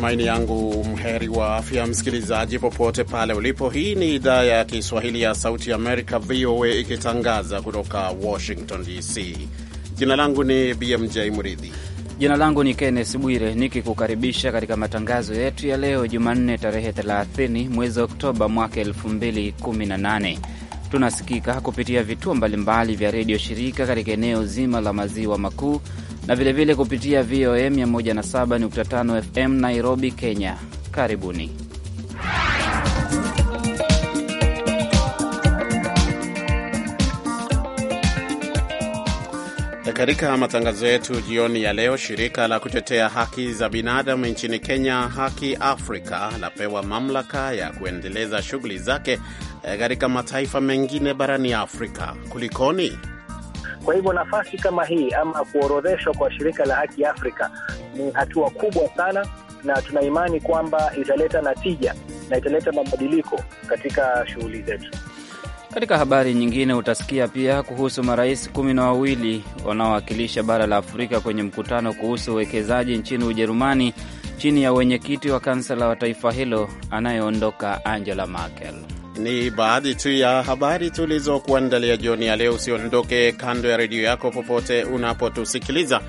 matumaini yangu mheri wa afya, msikilizaji popote pale ulipo. Hii ni idhaa ya Kiswahili ya Sauti Amerika, VOA, ikitangaza kutoka Washington DC. Jina langu ni BMJ mridhi Jina langu ni Kennes Bwire, nikikukaribisha katika matangazo yetu ya leo Jumanne, tarehe 30 mwezi Oktoba mwaka 2018. Tunasikika kupitia vituo mbalimbali vya redio shirika katika eneo zima la maziwa makuu na vilevile kupitia VOA 107.5 FM Nairobi, Kenya. Karibuni. Katika matangazo yetu jioni ya leo, shirika la kutetea haki za binadamu nchini Kenya, Haki Afrika, lapewa mamlaka ya kuendeleza shughuli zake eh, katika mataifa mengine barani Afrika. Kulikoni? Kwa hivyo nafasi kama hii ama kuorodheshwa kwa shirika la haki Afrika ni hatua kubwa sana, na tuna imani kwamba italeta natija na italeta mabadiliko katika shughuli zetu. Katika habari nyingine utasikia pia kuhusu marais kumi na wawili wanaowakilisha bara la Afrika kwenye mkutano kuhusu uwekezaji nchini Ujerumani chini ya wenyekiti wa kansela wa taifa hilo anayeondoka Angela Merkel. Ni baadhi tu ya habari tulizokuandalia jioni ya leo. Usiondoke kando ya redio yako popote unapotusikiliza,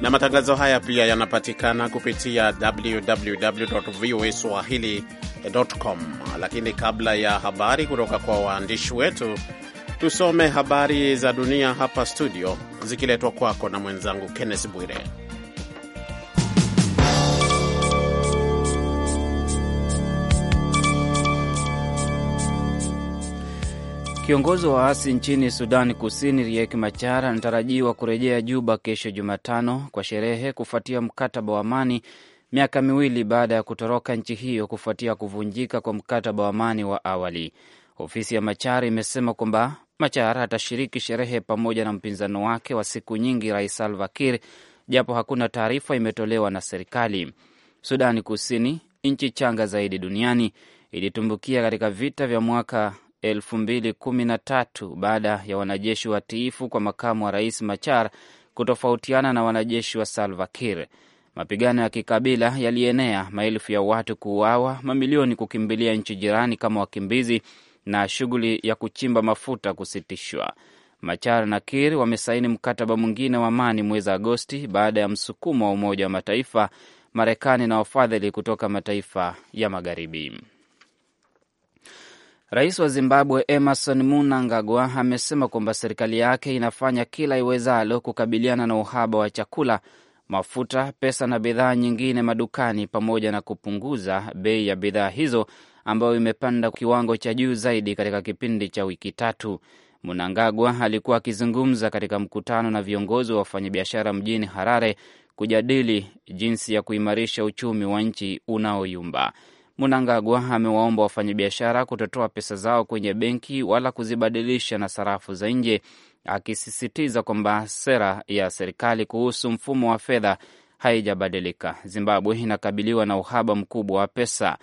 na matangazo haya pia yanapatikana kupitia www swahilicom Lakini kabla ya habari kutoka kwa waandishi wetu, tusome habari za dunia hapa studio, zikiletwa kwako na mwenzangu Kenneth Bwire. Kiongozi wa waasi nchini Sudani Kusini Riek Machar anatarajiwa kurejea Juba kesho Jumatano kwa sherehe kufuatia mkataba wa amani miaka miwili baada ya kutoroka nchi hiyo kufuatia kuvunjika kwa mkataba wa amani wa awali. Ofisi ya Machar imesema kwamba Machar atashiriki sherehe pamoja na mpinzano wake wa siku nyingi Rais Salva Kiir, japo hakuna taarifa imetolewa na serikali. Sudani Kusini, nchi changa zaidi duniani, ilitumbukia katika vita vya mwaka elfu mbili kumi na tatu baada ya wanajeshi watiifu kwa makamu wa rais Machar kutofautiana na wanajeshi wa Salva Kiir. Mapigano ya kikabila yalienea, maelfu ya watu kuuawa, mamilioni kukimbilia nchi jirani kama wakimbizi, na shughuli ya kuchimba mafuta kusitishwa. Machar na Kiir wamesaini mkataba mwingine wa amani mwezi Agosti baada ya msukumo wa Umoja wa Mataifa, Marekani na wafadhili kutoka mataifa ya Magharibi. Rais wa Zimbabwe Emerson Mnangagwa amesema kwamba serikali yake inafanya kila iwezalo kukabiliana na uhaba wa chakula, mafuta, pesa na bidhaa nyingine madukani, pamoja na kupunguza bei ya bidhaa hizo ambayo imepanda kiwango cha juu zaidi katika kipindi cha wiki tatu. Mnangagwa alikuwa akizungumza katika mkutano na viongozi wa wafanyabiashara mjini Harare kujadili jinsi ya kuimarisha uchumi wa nchi unaoyumba. Mnangagwa amewaomba wafanyabiashara kutotoa pesa zao kwenye benki wala kuzibadilisha na sarafu za nje, akisisitiza kwamba sera ya serikali kuhusu mfumo wa fedha haijabadilika. Zimbabwe inakabiliwa na uhaba mkubwa wa pesa.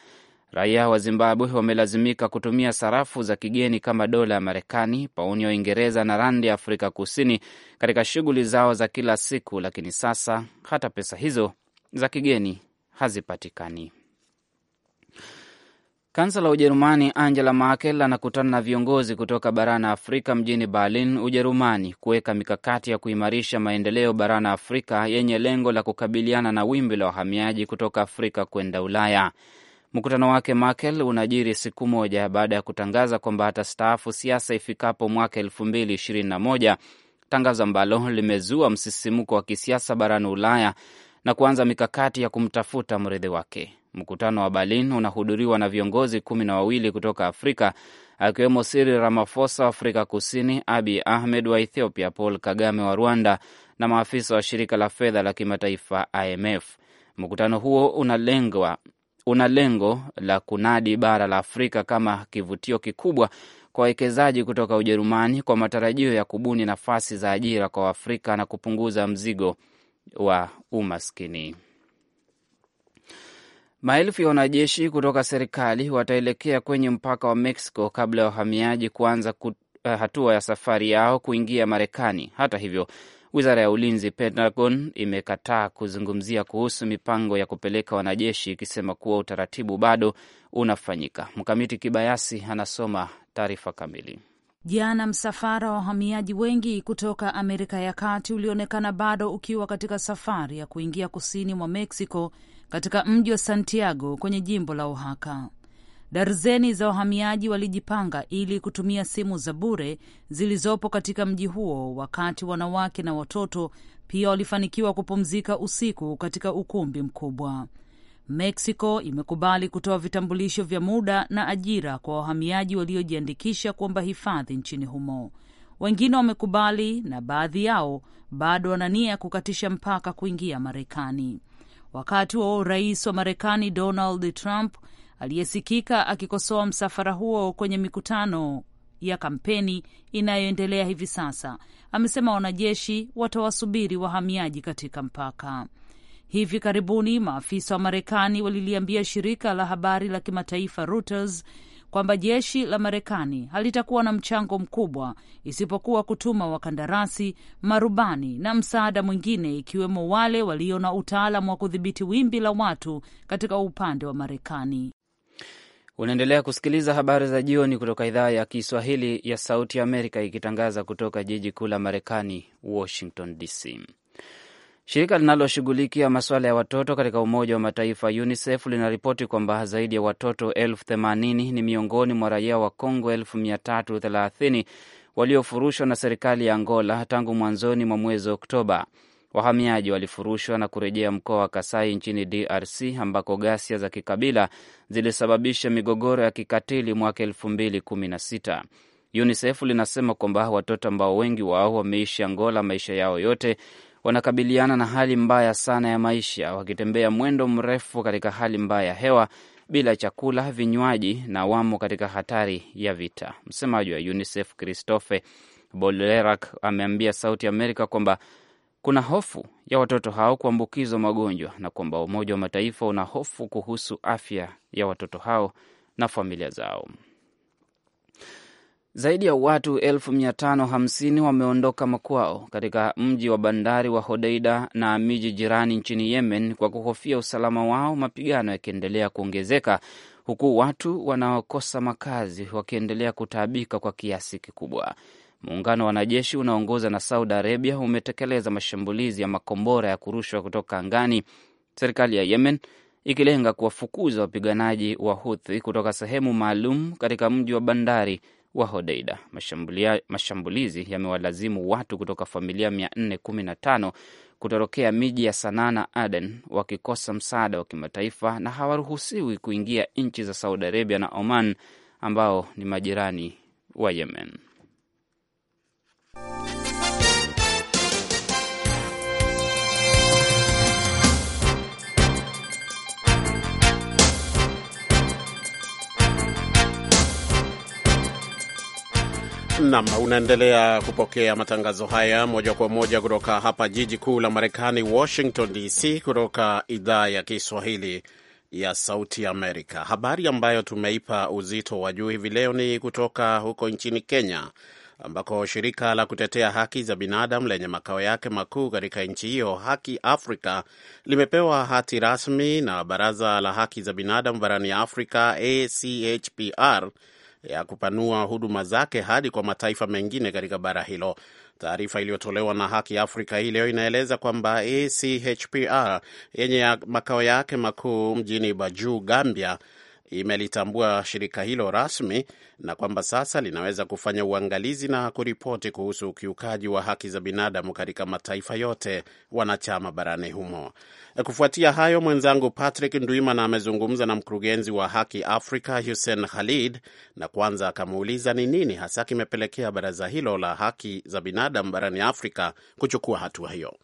Raia wa Zimbabwe wamelazimika kutumia sarafu za kigeni kama dola ya Marekani, pauni ya Uingereza na randi ya Afrika Kusini katika shughuli zao za kila siku, lakini sasa hata pesa hizo za kigeni hazipatikani. Kansela wa Ujerumani Angela Merkel anakutana na viongozi kutoka barani Afrika mjini Berlin, Ujerumani, kuweka mikakati ya kuimarisha maendeleo barani Afrika yenye lengo la kukabiliana na wimbi la wahamiaji kutoka Afrika kwenda Ulaya. Mkutano wake Merkel unajiri siku moja baada ya kutangaza kwamba atastaafu siasa ifikapo mwaka elfu mbili ishirini na moja, tangazo ambalo limezua msisimuko wa kisiasa barani Ulaya na kuanza mikakati ya kumtafuta mrithi wake. Mkutano wa Berlin unahudhuriwa na viongozi kumi na wawili kutoka Afrika akiwemo siril ramafosa wa Afrika Kusini, abi Ahmed wa Ethiopia, Paul Kagame wa Rwanda na maafisa wa shirika la fedha la kimataifa IMF. Mkutano huo unalengwa una lengo la kunadi bara la Afrika kama kivutio kikubwa kwa wawekezaji kutoka Ujerumani kwa matarajio ya kubuni nafasi za ajira kwa Waafrika na kupunguza mzigo wa umaskini. Maelfu ya wanajeshi kutoka serikali wataelekea kwenye mpaka wa Mexico kabla ya wahamiaji kuanza kut, uh, eh, hatua ya safari yao kuingia Marekani. Hata hivyo, wizara ya ulinzi Pentagon imekataa kuzungumzia kuhusu mipango ya kupeleka wanajeshi ikisema kuwa utaratibu bado unafanyika. Mkamiti Kibayasi anasoma taarifa kamili. Jana msafara wa wahamiaji wengi kutoka Amerika ya Kati ulionekana bado ukiwa katika safari ya kuingia kusini mwa Mexico katika mji wa Santiago kwenye jimbo la Oaxaca. Darzeni za wahamiaji walijipanga ili kutumia simu za bure zilizopo katika mji huo, wakati wanawake na watoto pia walifanikiwa kupumzika usiku katika ukumbi mkubwa. Mexico imekubali kutoa vitambulisho vya muda na ajira kwa wahamiaji waliojiandikisha kuomba hifadhi nchini humo. Wengine wamekubali na baadhi yao bado wana nia ya kukatisha mpaka kuingia Marekani. Wakati huo rais wa Marekani Donald Trump aliyesikika akikosoa msafara huo kwenye mikutano ya kampeni inayoendelea hivi sasa, amesema wanajeshi watawasubiri wahamiaji katika mpaka. Hivi karibuni maafisa wa Marekani waliliambia shirika la habari la kimataifa Reuters kwamba jeshi la Marekani halitakuwa na mchango mkubwa isipokuwa kutuma wakandarasi, marubani na msaada mwingine, ikiwemo wale walio na utaalamu wa kudhibiti wimbi la watu katika upande wa Marekani. Unaendelea kusikiliza habari za jioni kutoka idhaa ya Kiswahili ya Sauti ya Amerika, ikitangaza kutoka jiji kuu la Marekani, Washington DC. Shirika linaloshughulikia masuala ya watoto katika Umoja wa Mataifa UNICEF linaripoti kwamba zaidi ya watoto elfu themanini ni miongoni mwa raia wa congo elfu mia tatu thelathini waliofurushwa na serikali ya Angola tangu mwanzoni mwa mwezi Oktoba. Wahamiaji walifurushwa na kurejea mkoa wa Kasai nchini DRC ambako ghasia za kikabila zilisababisha migogoro ya kikatili mwaka elfu mbili kumi na sita. UNICEF linasema kwamba watoto ambao wengi wao wameishi Angola maisha yao yote wanakabiliana na hali mbaya sana ya maisha, wakitembea mwendo mrefu katika hali mbaya ya hewa, bila chakula, vinywaji na wamo katika hatari ya vita. Msemaji wa UNICEF Christophe Bolerak ameambia Sauti Amerika kwamba kuna hofu ya watoto hao kuambukizwa magonjwa na kwamba Umoja wa Mataifa una hofu kuhusu afya ya watoto hao na familia zao. Zaidi ya watu 550 wameondoka makwao katika mji wa bandari wa Hodeida na miji jirani nchini Yemen kwa kuhofia usalama wao, mapigano yakiendelea kuongezeka huku watu wanaokosa makazi wakiendelea kutaabika kwa kiasi kikubwa. Muungano wa wanajeshi unaoongoza na Saudi Arabia umetekeleza mashambulizi ya makombora ya kurushwa kutoka angani, serikali ya Yemen ikilenga kuwafukuza wapiganaji wa Huthi kutoka sehemu maalum katika mji wa bandari wa Hodeida. Mashambulizi yamewalazimu watu kutoka familia 415 kutorokea miji ya Sanaa na Aden wakikosa msaada wa kimataifa na hawaruhusiwi kuingia nchi za Saudi Arabia na Oman ambao ni majirani wa Yemen. Nam, unaendelea kupokea matangazo haya moja kwa moja kutoka hapa jiji kuu la Marekani, Washington DC, kutoka idhaa ya Kiswahili ya Sauti Amerika. Habari ambayo tumeipa uzito wa juu hivi leo ni kutoka huko nchini Kenya, ambako shirika la kutetea haki za binadamu lenye makao yake makuu katika nchi hiyo, Haki Afrika, limepewa hati rasmi na Baraza la Haki za Binadamu barani Afrika, ACHPR ya kupanua huduma zake hadi kwa mataifa mengine katika bara hilo. Taarifa iliyotolewa na Haki Afrika hii leo inaeleza kwamba ACHPR yenye makao yake makuu mjini Bajuu, Gambia imelitambua shirika hilo rasmi na kwamba sasa linaweza kufanya uangalizi na kuripoti kuhusu ukiukaji wa haki za binadamu katika mataifa yote wanachama barani humo. Kufuatia hayo, mwenzangu Patrick Ndwimana amezungumza na mkurugenzi wa Haki africa Hussein Khalid na kwanza akamuuliza ni nini hasa kimepelekea baraza hilo la haki za binadamu barani Afrika kuchukua hatua hiyo.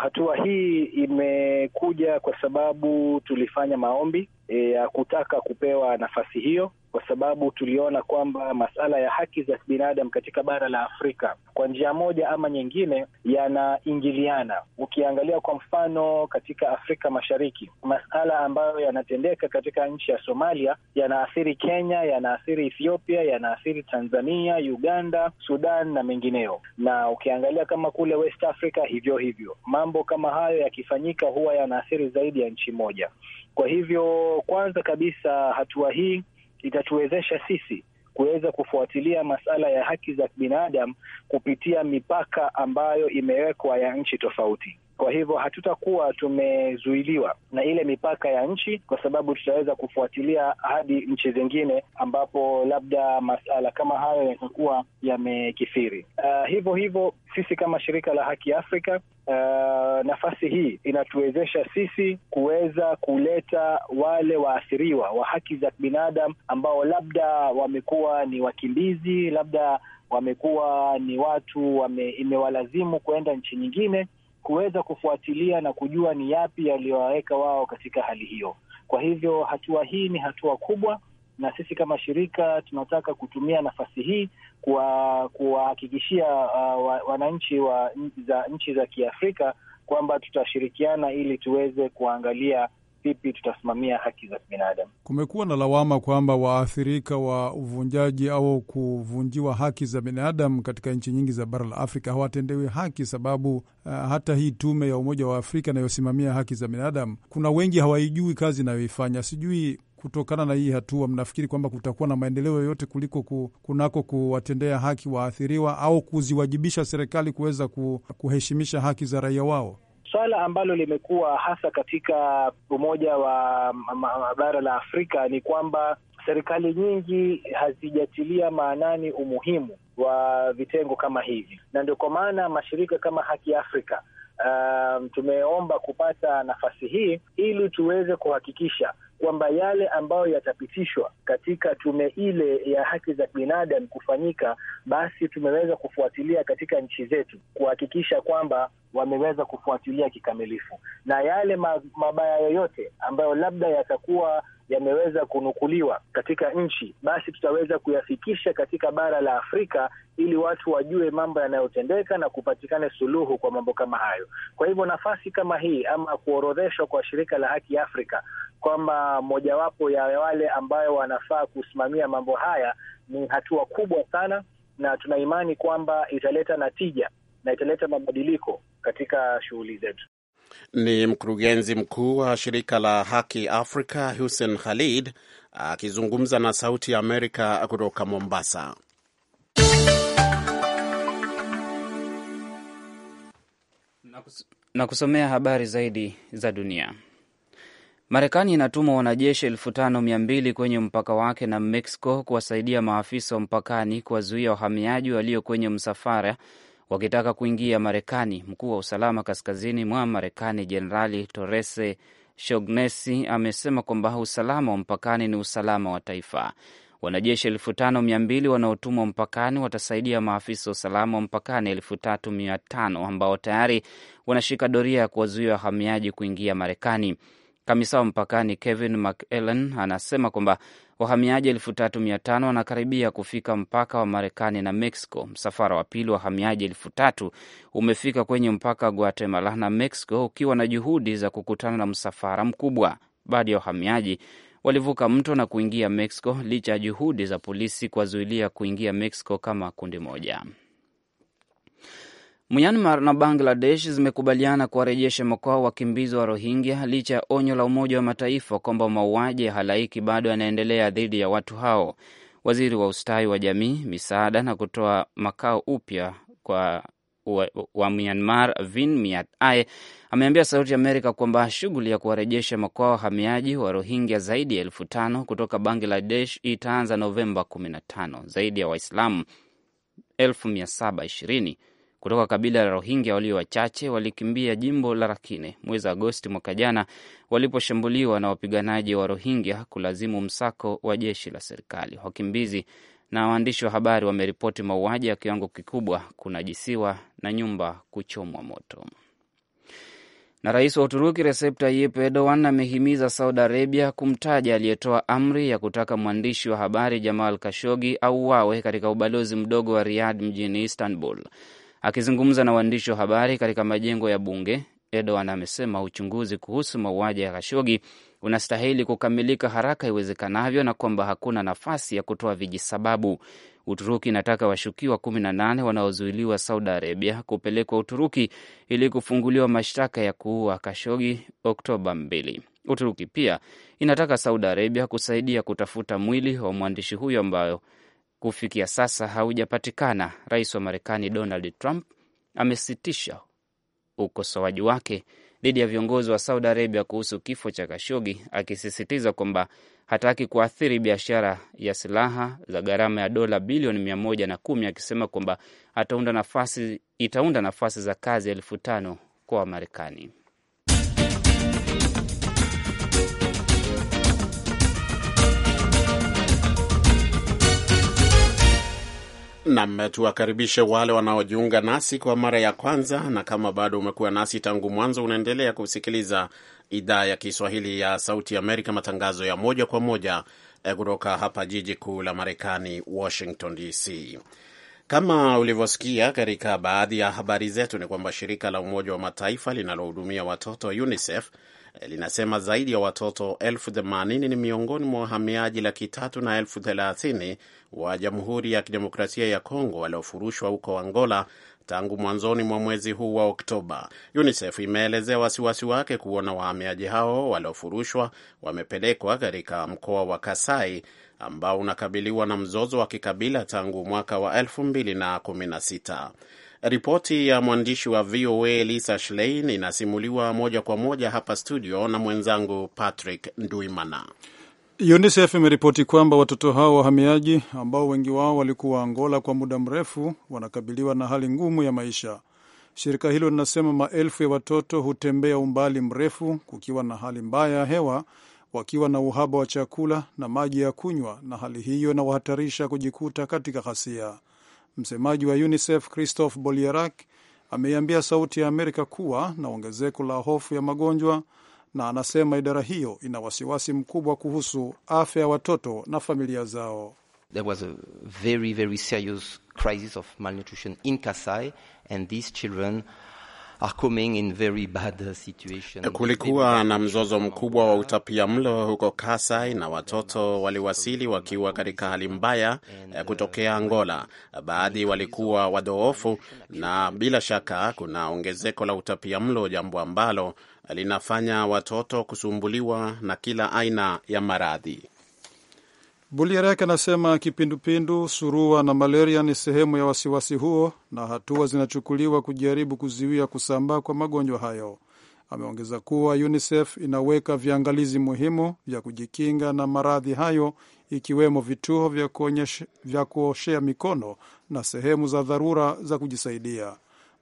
Hatua hii imekuja kwa sababu tulifanya maombi ya eh, e, kutaka kupewa nafasi hiyo kwa sababu tuliona kwamba masala ya haki za binadamu katika bara la Afrika kwa njia moja ama nyingine yanaingiliana. Ukiangalia kwa mfano katika Afrika Mashariki, masala ambayo yanatendeka katika nchi ya Somalia yanaathiri Kenya, yanaathiri Ethiopia, yanaathiri Tanzania, Uganda, Sudan na mengineo. Na ukiangalia kama kule West Africa hivyo hivyo, mambo kama hayo yakifanyika huwa yanaathiri zaidi ya nchi moja. Kwa hivyo, kwanza kabisa hatua hii itatuwezesha sisi kuweza kufuatilia masala ya haki za binadamu kupitia mipaka ambayo imewekwa ya nchi tofauti. Kwa hivyo hatutakuwa tumezuiliwa na ile mipaka ya nchi, kwa sababu tutaweza kufuatilia hadi nchi zingine ambapo labda masala kama hayo yatakuwa yamekithiri. Uh, hivyo hivyo sisi kama shirika la Haki Afrika uh, nafasi hii inatuwezesha sisi kuweza kuleta wale waathiriwa wa haki za binadamu ambao labda wamekuwa ni wakimbizi, labda wamekuwa ni watu wame, imewalazimu kuenda nchi nyingine kuweza kufuatilia na kujua ni yapi yaliyowaweka wao katika hali hiyo. Kwa hivyo hatua hii ni hatua kubwa, na sisi kama shirika tunataka kutumia nafasi hii kuwahakikishia uh, wananchi wa, za nchi za Kiafrika kwamba tutashirikiana ili tuweze kuangalia vipi tutasimamia haki za kibinadamu. Kumekuwa na lawama kwamba waathirika wa uvunjaji au kuvunjiwa haki za binadamu katika nchi nyingi za bara la Afrika hawatendewi haki, sababu uh, hata hii tume ya Umoja wa Afrika inayosimamia haki za binadamu, kuna wengi hawaijui kazi inayoifanya. Sijui kutokana na hii hatua, mnafikiri kwamba kutakuwa na maendeleo yoyote kuliko ku, kunako kuwatendea haki waathiriwa au kuziwajibisha serikali kuweza ku, kuheshimisha haki za raia wao? Swala ambalo limekuwa hasa katika Umoja wa Bara la Afrika ni kwamba serikali nyingi hazijatilia maanani umuhimu wa vitengo kama hivi, na ndio kwa maana mashirika kama Haki Afrika um, tumeomba kupata nafasi hii ili tuweze kuhakikisha kwamba yale ambayo yatapitishwa katika tume ile ya haki za binadamu kufanyika, basi tumeweza kufuatilia katika nchi zetu kuhakikisha kwamba wameweza kufuatilia kikamilifu, na yale mabaya yoyote ambayo labda yatakuwa yameweza kunukuliwa katika nchi, basi tutaweza kuyafikisha katika bara la Afrika ili watu wajue mambo yanayotendeka na kupatikane suluhu kwa mambo kama hayo. Kwa hivyo nafasi kama hii ama kuorodheshwa kwa shirika la haki Afrika kwamba mojawapo ya wale ambayo wanafaa kusimamia mambo haya ni hatua kubwa sana, na tunaimani kwamba italeta natija na italeta mabadiliko katika shughuli zetu. Ni mkurugenzi mkuu wa shirika la Haki Afrika Hussein Khalid akizungumza na Sauti ya Amerika kutoka Mombasa. Na kusomea habari zaidi za dunia. Marekani inatuma wanajeshi elfu tano mia mbili kwenye mpaka wake na Mexico kuwasaidia maafisa wa mpakani kuwazuia wahamiaji walio kwenye msafara wakitaka kuingia Marekani. Mkuu wa usalama kaskazini mwa Marekani Jenerali Torese Shognesi amesema kwamba usalama wa mpakani ni usalama wa taifa. Wanajeshi elfu tano mia mbili wanaotumwa mpakani watasaidia maafisa wa usalama wa mpakani elfu tatu mia tano ambao tayari wanashika doria ya kuwazuia wahamiaji kuingia Marekani. Kamisa wa mpakani Kevin McEllen anasema kwamba wahamiaji elfu tatu mia tano wanakaribia kufika mpaka wa Marekani na Mexico. Msafara wa pili wa wahamiaji elfu tatu umefika kwenye mpaka wa Guatemala na Mexico, ukiwa na juhudi za kukutana na msafara mkubwa. Baadhi ya wahamiaji walivuka mto na kuingia Mexico licha ya juhudi za polisi kuwazuilia kuingia Mexico kama kundi moja. Myanmar na Bangladesh zimekubaliana kuwarejesha makwao wakimbizi wa Rohingya licha ya onyo la Umoja wa Mataifa kwamba mauaji ya halaiki bado yanaendelea dhidi ya watu hao. Waziri wa ustawi wa jamii, misaada na kutoa makao upya kwa wa, wa Myanmar Vin Myat Aye ameambia Sauti Amerika kwamba shughuli ya kuwarejesha makwao wahamiaji wa Rohingya zaidi ya elfu tano kutoka Bangladesh itaanza Novemba 15. Zaidi ya Waislamu ishirini kutoka kabila la Rohingya walio wachache walikimbia jimbo la Rakhine mwezi Agosti mwaka jana waliposhambuliwa na wapiganaji wa Rohingya kulazimu msako wa jeshi la serikali. Wakimbizi na waandishi wa habari wameripoti mauaji ya kiwango kikubwa, kunajisiwa na nyumba kuchomwa moto. Na rais wa Uturuki Recep Tayyip Erdogan amehimiza Saudi Arabia kumtaja aliyetoa amri ya kutaka mwandishi wa habari Jamal Kashogi auawe katika ubalozi mdogo wa Riyadh mjini Istanbul. Akizungumza na waandishi wa habari katika majengo ya bunge, Erdogan amesema uchunguzi kuhusu mauaji ya Khashoggi unastahili kukamilika haraka iwezekanavyo na kwamba hakuna nafasi ya kutoa vijisababu. Uturuki inataka washukiwa 18 wanaozuiliwa Saudi Arabia kupelekwa Uturuki ili kufunguliwa mashtaka ya kuua Kashogi Oktoba 2. Uturuki pia inataka Saudi Arabia kusaidia kutafuta mwili wa mwandishi huyo ambayo kufikia sasa haujapatikana. Rais wa Marekani Donald Trump amesitisha ukosoaji wake dhidi ya viongozi wa Saudi Arabia kuhusu kifo cha Kashogi, akisisitiza kwamba hataki kuathiri biashara ya silaha za gharama ya dola bilioni mia moja na kumi, akisema kwamba itaunda nafasi za kazi elfu tano kwa Wamarekani. Nam, tuwakaribishe wale wanaojiunga nasi kwa mara ya kwanza, na kama bado umekuwa nasi tangu mwanzo, unaendelea kusikiliza idhaa ya Kiswahili ya Sauti Amerika, matangazo ya moja kwa moja eh, kutoka hapa jiji kuu la Marekani, Washington DC. Kama ulivyosikia katika baadhi ya habari zetu, ni kwamba shirika la Umoja wa Mataifa linalohudumia watoto UNICEF linasema zaidi ya watoto elfu themanini ni miongoni mwa wahamiaji laki tatu na elfu thelathini wa Jamhuri ya Kidemokrasia ya Kongo waliofurushwa huko Angola tangu mwanzoni mwa mwezi huu wa Oktoba. UNICEF imeelezea wasiwasi wake kuona wahamiaji hao waliofurushwa wamepelekwa katika mkoa wa Kasai ambao unakabiliwa na mzozo wa kikabila tangu mwaka wa 2016. Ripoti ya mwandishi wa VOA Lisa Schlein inasimuliwa moja kwa moja hapa studio na mwenzangu Patrick Nduimana. UNICEF imeripoti kwamba watoto hao wahamiaji ambao wengi wao walikuwa Angola kwa muda mrefu wanakabiliwa na hali ngumu ya maisha. Shirika hilo linasema maelfu ya watoto hutembea umbali mrefu kukiwa na hali mbaya ya hewa, wakiwa na uhaba wa chakula na maji ya kunywa, na hali hiyo inawahatarisha kujikuta katika ghasia. Msemaji wa UNICEF Christophe Bolierak ameiambia Sauti ya Amerika kuwa na ongezeko la hofu ya magonjwa na anasema idara hiyo ina wasiwasi mkubwa kuhusu afya ya watoto na familia zao. There was a very, very serious crisis of malnutrition in Kasai and these children Kulikuwa na mzozo mkubwa wa utapia mlo huko Kasai na watoto waliwasili wakiwa katika hali mbaya eh, kutokea Angola. Baadhi walikuwa wadhoofu, na bila shaka kuna ongezeko la utapia mlo, jambo ambalo linafanya watoto kusumbuliwa na kila aina ya maradhi. Bulierek anasema kipindupindu, surua na malaria ni sehemu ya wasiwasi huo na hatua zinachukuliwa kujaribu kuzuia kusambaa kwa magonjwa hayo. Ameongeza kuwa UNICEF inaweka viangalizi muhimu vya kujikinga na maradhi hayo ikiwemo vituo vya kuoshea mikono na sehemu za dharura za kujisaidia.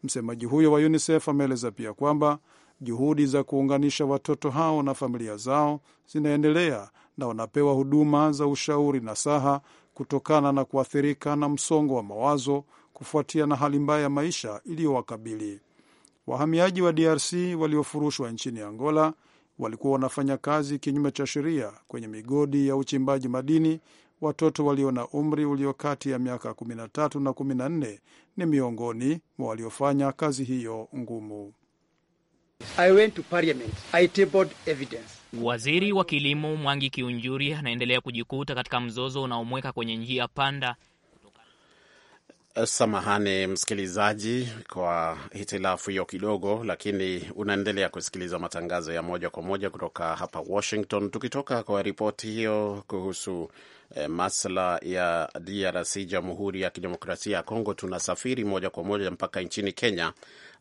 Msemaji huyo wa UNICEF ameeleza pia kwamba juhudi za kuunganisha watoto hao na familia zao zinaendelea na wanapewa huduma za ushauri na saha kutokana na kuathirika na msongo wa mawazo kufuatia na hali mbaya ya maisha iliyowakabili. Wahamiaji wa DRC waliofurushwa nchini Angola walikuwa wanafanya kazi kinyume cha sheria kwenye migodi ya uchimbaji madini. Watoto walio na umri ulio kati ya miaka 13 na 14 ni miongoni mwa waliofanya kazi hiyo ngumu. I went to parliament. I tabled evidence. Waziri wa kilimo Mwangi Kiunjuri anaendelea kujikuta katika mzozo unaomweka kwenye njia panda. Samahani msikilizaji kwa hitilafu hiyo kidogo, lakini unaendelea kusikiliza matangazo ya moja kwa moja kutoka hapa Washington. Tukitoka kwa ripoti hiyo kuhusu eh, masuala ya DRC, Jamhuri ya Kidemokrasia ya Kongo, tunasafiri moja kwa moja mpaka nchini Kenya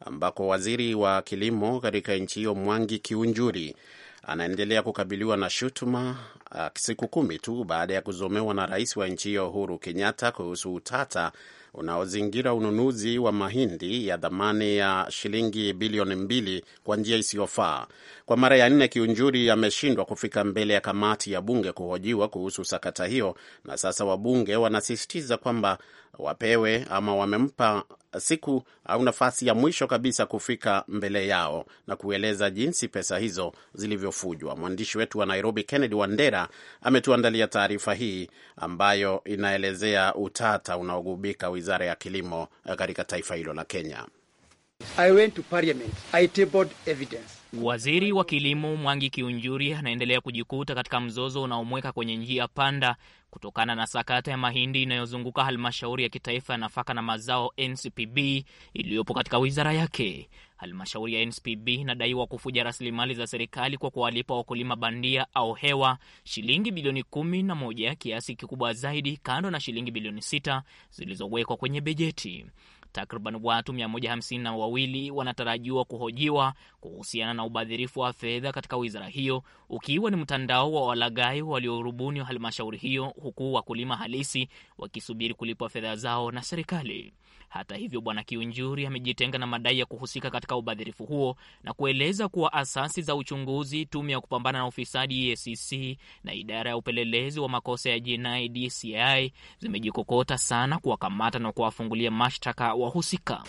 ambako waziri wa kilimo katika nchi hiyo Mwangi Kiunjuri anaendelea kukabiliwa na shutuma ah, siku kumi tu baada ya kuzomewa na rais wa nchi hiyo Uhuru Kenyatta kuhusu utata unaozingira ununuzi wa mahindi ya dhamani ya shilingi bilioni mbili kwa njia isiyofaa. Kwa mara ya nne, Kiunjuri ameshindwa kufika mbele ya kamati ya bunge kuhojiwa kuhusu sakata hiyo, na sasa wabunge wanasisitiza kwamba wapewe ama wamempa siku au nafasi ya mwisho kabisa kufika mbele yao na kueleza jinsi pesa hizo zilivyofujwa. Mwandishi wetu wa Nairobi, Kennedy Wandera, ametuandalia taarifa hii ambayo inaelezea utata unaogubika wizara ya kilimo eh, katika taifa hilo la Kenya. I went to parliament. I tabled evidence. Waziri wa kilimo Mwangi Kiunjuri anaendelea kujikuta katika mzozo unaomweka kwenye njia panda kutokana na sakata ya mahindi inayozunguka halmashauri ya kitaifa ya nafaka na mazao NCPB iliyopo katika wizara yake. Halmashauri ya NCPB inadaiwa kufuja rasilimali za serikali kwa kuwalipa wakulima bandia au hewa shilingi bilioni kumi na moja, kiasi kikubwa zaidi kando na shilingi bilioni sita zilizowekwa kwenye bejeti Takriban watu 152 wanatarajiwa kuhojiwa kuhusiana na ubadhirifu wa fedha katika wizara hiyo, ukiwa ni mtandao wa walagai waliorubuni halmashauri hiyo, huku wakulima halisi wakisubiri kulipwa fedha zao na serikali. Hata hivyo, Bwana Kiunjuri amejitenga na madai ya kuhusika katika ubadhirifu huo na kueleza kuwa asasi za uchunguzi, tume ya kupambana na ufisadi EACC na idara ya upelelezi wa makosa ya jinai DCI zimejikokota sana kuwakamata na kuwafungulia mashtaka wa wahusika.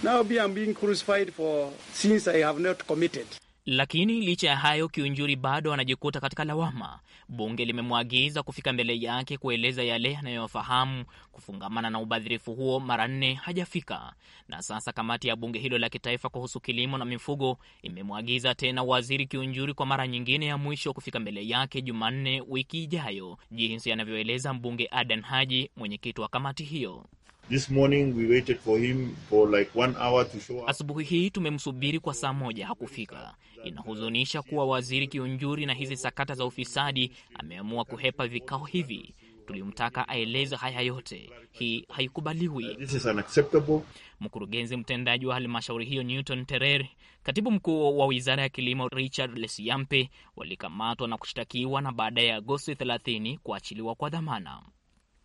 Lakini licha ya hayo, Kiunjuri bado anajikuta katika lawama. Bunge limemwagiza kufika mbele yake kueleza yale anayofahamu kufungamana na ubadhirifu huo, mara nne hajafika. Na sasa kamati ya bunge hilo la kitaifa kuhusu kilimo na mifugo imemwagiza tena waziri Kiunjuri kwa mara nyingine ya mwisho kufika mbele yake Jumanne wiki ijayo, jinsi anavyoeleza mbunge Adan Haji, mwenyekiti wa kamati hiyo. This morning we waited for him for like one hour to show up. Asubuhi hii tumemsubiri kwa saa moja hakufika. Inahuzunisha kuwa waziri Kiunjuri na hizi sakata za ufisadi ameamua kuhepa vikao hivi. Tulimtaka aeleze haya yote, hii haikubaliwi. Uh, this is unacceptable. Mkurugenzi mtendaji wa halmashauri hiyo Newton Terer, katibu mkuu wa wizara ya kilimo Richard Lesiampe walikamatwa na kushtakiwa na baadaye Agosti 30 kuachiliwa kwa dhamana.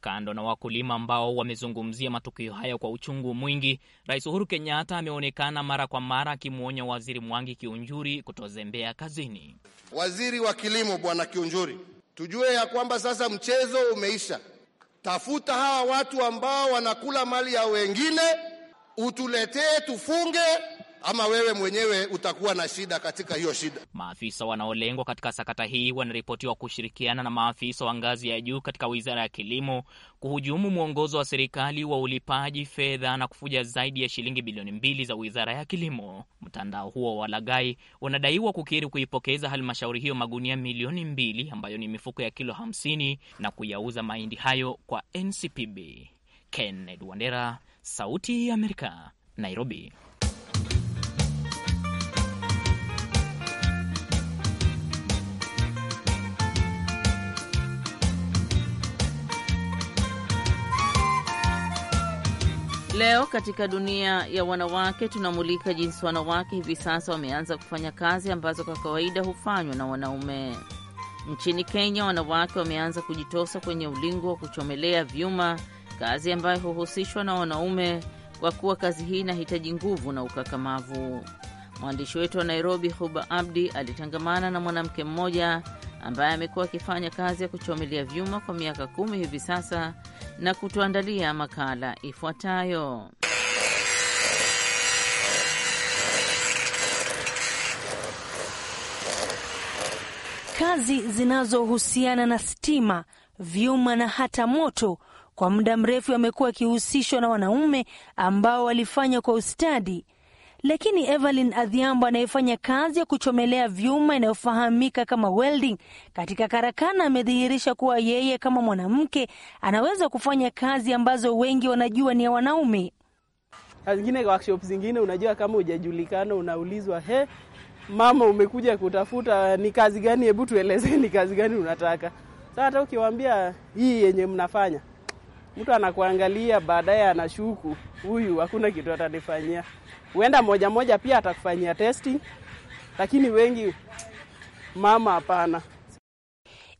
Kando na wakulima ambao wamezungumzia matukio hayo kwa uchungu mwingi, Rais Uhuru Kenyatta ameonekana mara kwa mara akimwonya Waziri Mwangi Kiunjuri kutozembea kazini. Waziri wa Kilimo Bwana Kiunjuri, tujue ya kwamba sasa mchezo umeisha. Tafuta hawa watu ambao wanakula mali ya wengine, utuletee tufunge ama wewe mwenyewe utakuwa na shida katika hiyo shida. Maafisa wanaolengwa katika sakata hii wanaripotiwa kushirikiana na maafisa wa ngazi ya juu katika wizara ya kilimo kuhujumu mwongozo wa serikali wa ulipaji fedha na kufuja zaidi ya shilingi bilioni mbili za wizara ya kilimo. Mtandao huo wa lagai unadaiwa kukiri kuipokeza halmashauri hiyo magunia milioni mbili ambayo ni mifuko ya kilo 50 na kuyauza mahindi hayo kwa NCPB. Kenneth Wandera, Sauti ya Amerika, Nairobi. Leo katika dunia ya wanawake tunamulika jinsi wanawake hivi sasa wameanza kufanya kazi ambazo kwa kawaida hufanywa na wanaume. Nchini Kenya, wanawake wameanza kujitosa kwenye ulingo wa kuchomelea vyuma, kazi ambayo huhusishwa na wanaume kwa kuwa kazi hii inahitaji nguvu na ukakamavu. Mwandishi wetu wa Nairobi, Huba Abdi, alitangamana na mwanamke mmoja ambaye amekuwa akifanya kazi ya kuchomelea vyuma kwa miaka kumi hivi sasa na kutuandalia makala ifuatayo. Kazi zinazohusiana na stima, vyuma na hata moto kwa muda mrefu yamekuwa yakihusishwa na wanaume ambao walifanya kwa ustadi lakini Evelyn Adhiambo anayefanya kazi ya kuchomelea vyuma inayofahamika kama welding katika karakana amedhihirisha kuwa yeye kama mwanamke anaweza kufanya kazi ambazo wengi wanajua ni ya wanaume. Zingine workshop zingine, unajua kama hujajulikana, unaulizwa he, mama, umekuja kutafuta ni kazi gani? Hebu tueleze ni kazi gani unataka. Sasa hata ukiwaambia hii yenye mnafanya, mtu anakuangalia, baadaye anashuku, huyu hakuna kitu atanifanyia. Huenda moja moja pia atakufanyia testing, lakini wengi mama hapana.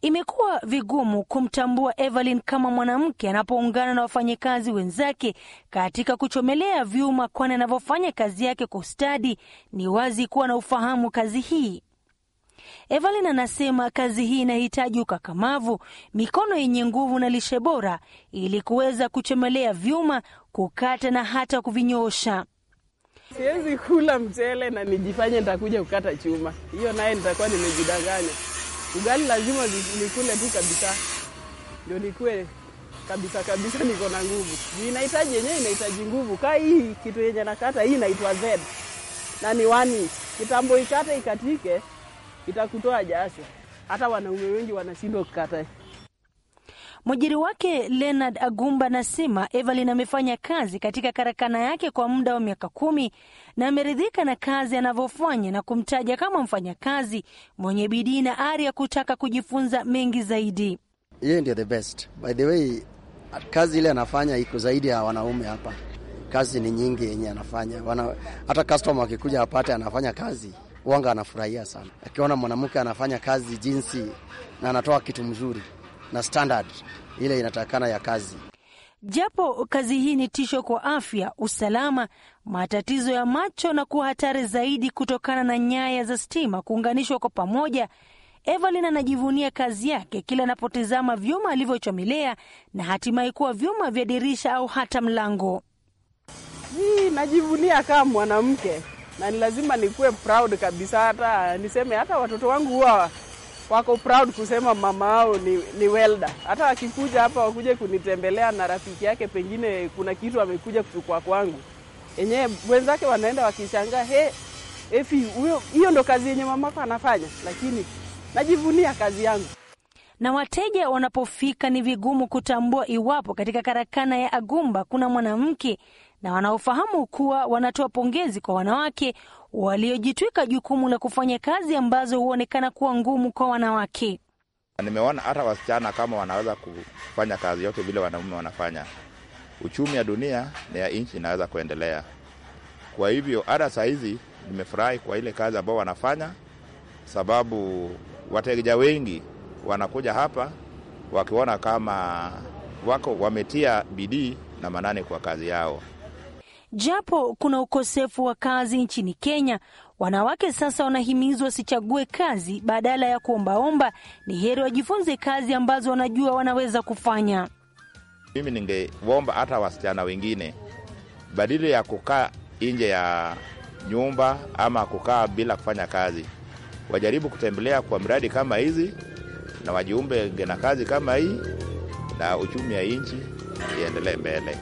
Imekuwa vigumu kumtambua Evelyn kama mwanamke anapoungana na wafanyikazi wenzake katika kuchomelea vyuma, kwani anavyofanya kazi yake kwa ustadi, ni wazi kuwa na ufahamu kazi hii. Evelyn anasema kazi hii inahitaji ukakamavu, mikono yenye nguvu na lishe bora ili kuweza kuchomelea vyuma, kukata na hata kuvinyoosha. Siwezi kula mchele na nijifanye nitakuja kukata chuma, hiyo naye nitakuwa nimejidanganya. Ugali lazima nikule tu kabisa, ndio nikue kabisa kabisa, niko na nguvu. Inahitaji yenyewe, inahitaji nguvu. Kaa hii kitu yenye nakata hii inaitwa Z na ni wani kitambo, ikate ikatike, itakutoa jasho. Hata wanaume wengi wanashindwa kukata Mwajiri wake Leonard Agumba anasema Evelyn amefanya kazi katika karakana yake kwa muda wa miaka kumi na ameridhika na kazi anavyofanya na kumtaja kama mfanyakazi mwenye bidii na ari ya kutaka kujifunza mengi zaidi. Yeye ndio the best. By the way, kazi ile anafanya iko zaidi ya wanaume hapa. Kazi ni nyingi yenye anafanya wana, hata customer akikuja apate anafanya kazi wanga anafurahia sana akiona mwanamke anafanya kazi jinsi na anatoa kitu mzuri na standard ile inatakana ya kazi. Japo kazi hii ni tisho kwa afya, usalama, matatizo ya macho na kuwa hatari zaidi kutokana na nyaya za stima kuunganishwa kwa pamoja. Evelyn anajivunia kazi yake kila anapotizama vyuma alivyochomelea na hatimaye kuwa vyuma vya dirisha au hata mlango. Hii najivunia kama mwanamke na ni lazima nikuwe proud kabisa, hata niseme hata watoto wangu huwa wako proud kusema mama yao ni, ni welder. Hata wakikuja hapa wakuje kunitembelea na rafiki yake, pengine kuna kitu amekuja kuchukua kwangu, enyewe wenzake wanaenda wakishangaa, he, efi hiyo ndo kazi yenye mamako anafanya, lakini najivunia kazi yangu. Na wateja wanapofika ni vigumu kutambua iwapo katika karakana ya Agumba kuna mwanamke na wanaofahamu kuwa wanatoa pongezi kwa wanawake waliojitwika jukumu la kufanya kazi ambazo huonekana kuwa ngumu kwa wanawake. Nimeona hata wasichana kama wanaweza kufanya kazi yote vile wanaume wanafanya, uchumi ya dunia na ya nchi inaweza kuendelea. Kwa hivyo hata sahizi nimefurahi kwa ile kazi ambao wanafanya, sababu wateja wengi wanakuja hapa wakiona kama wako wametia bidii na manane kwa kazi yao. Japo kuna ukosefu wa kazi nchini Kenya, wanawake sasa wanahimizwa wasichague kazi badala ya kuombaomba. Ni heri wajifunze kazi ambazo wanajua wanaweza kufanya. Mimi ningeomba hata wasichana wengine, badili ya kukaa nje ya nyumba ama kukaa bila kufanya kazi, wajaribu kutembelea kwa mradi kama hizi na wajiumbe na kazi kama hii, na uchumi ya nchi iendelee mbele.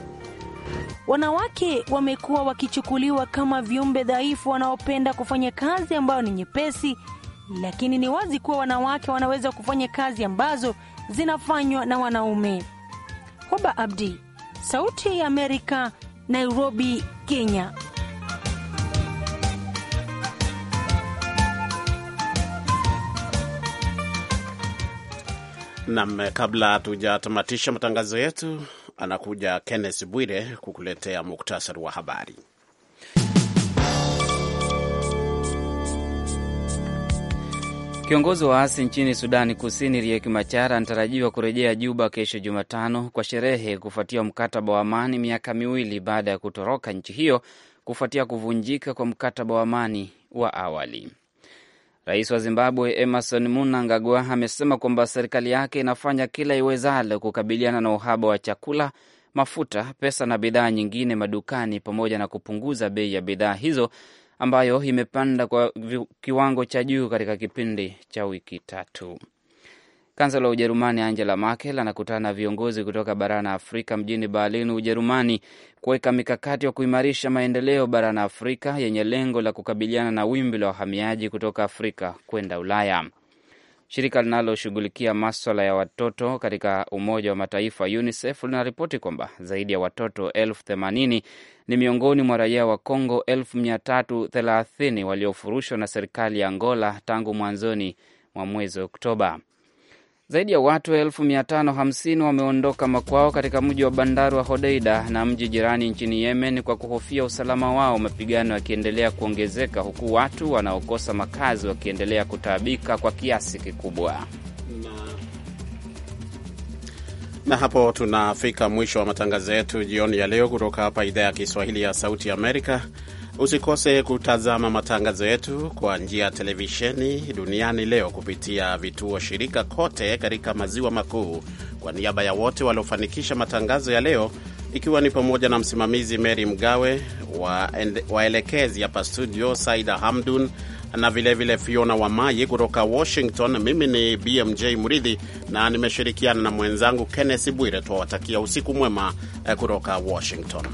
Wanawake wamekuwa wakichukuliwa kama viumbe dhaifu wanaopenda kufanya kazi ambayo ni nyepesi, lakini ni wazi kuwa wanawake wanaweza kufanya kazi ambazo zinafanywa na wanaume. Hoba Abdi, Sauti ya Amerika, Nairobi, Kenya. Nam, kabla hatujatamatisha matangazo yetu, anakuja Kenneth Bwire kukuletea muktasari wa habari. Kiongozi wa waasi nchini Sudani Kusini Riek Machar anatarajiwa kurejea Juba kesho Jumatano kwa sherehe kufuatia mkataba wa amani miaka miwili baada ya kutoroka nchi hiyo kufuatia kuvunjika kwa mkataba wa amani wa awali. Rais wa Zimbabwe Emerson Mnangagwa amesema kwamba serikali yake inafanya kila iwezalo kukabiliana na uhaba wa chakula, mafuta, pesa na bidhaa nyingine madukani, pamoja na kupunguza bei ya bidhaa hizo ambayo imepanda kwa kiwango cha juu katika kipindi cha wiki tatu. Kansela wa Ujerumani Angela Merkel anakutana na viongozi kutoka barani Afrika mjini Berlin, Ujerumani, kuweka mikakati ya kuimarisha maendeleo barani Afrika yenye lengo la kukabiliana na wimbi la wahamiaji kutoka Afrika kwenda Ulaya. Shirika linaloshughulikia maswala ya watoto katika Umoja wa Mataifa UNICEF linaripoti kwamba zaidi ya watoto elfu themanini ni miongoni mwa raia wa congo elfu mia tatu thelathini waliofurushwa na serikali ya Angola tangu mwanzoni mwa mwezi Oktoba. Zaidi ya watu 550 wameondoka makwao katika mji wa bandari wa Hodeida na mji jirani nchini Yemen kwa kuhofia usalama wao, mapigano yakiendelea kuongezeka huku watu wanaokosa makazi wakiendelea kutaabika kwa kiasi kikubwa. Na hapo tunafika mwisho wa matangazo yetu jioni ya leo kutoka hapa idhaa ya Kiswahili ya Sauti Amerika. Usikose kutazama matangazo yetu kwa njia ya televisheni duniani leo kupitia vituo shirika kote katika maziwa makuu. Kwa niaba ya wote waliofanikisha matangazo ya leo, ikiwa ni pamoja na msimamizi Mary Mgawe, waelekezi hapa studio Saida Hamdun na vilevile vile Fiona Wamai kutoka Washington. Mimi ni BMJ mridhi na nimeshirikiana na mwenzangu Kenneth Bwire. twawatakia usiku mwema eh, kutoka Washington.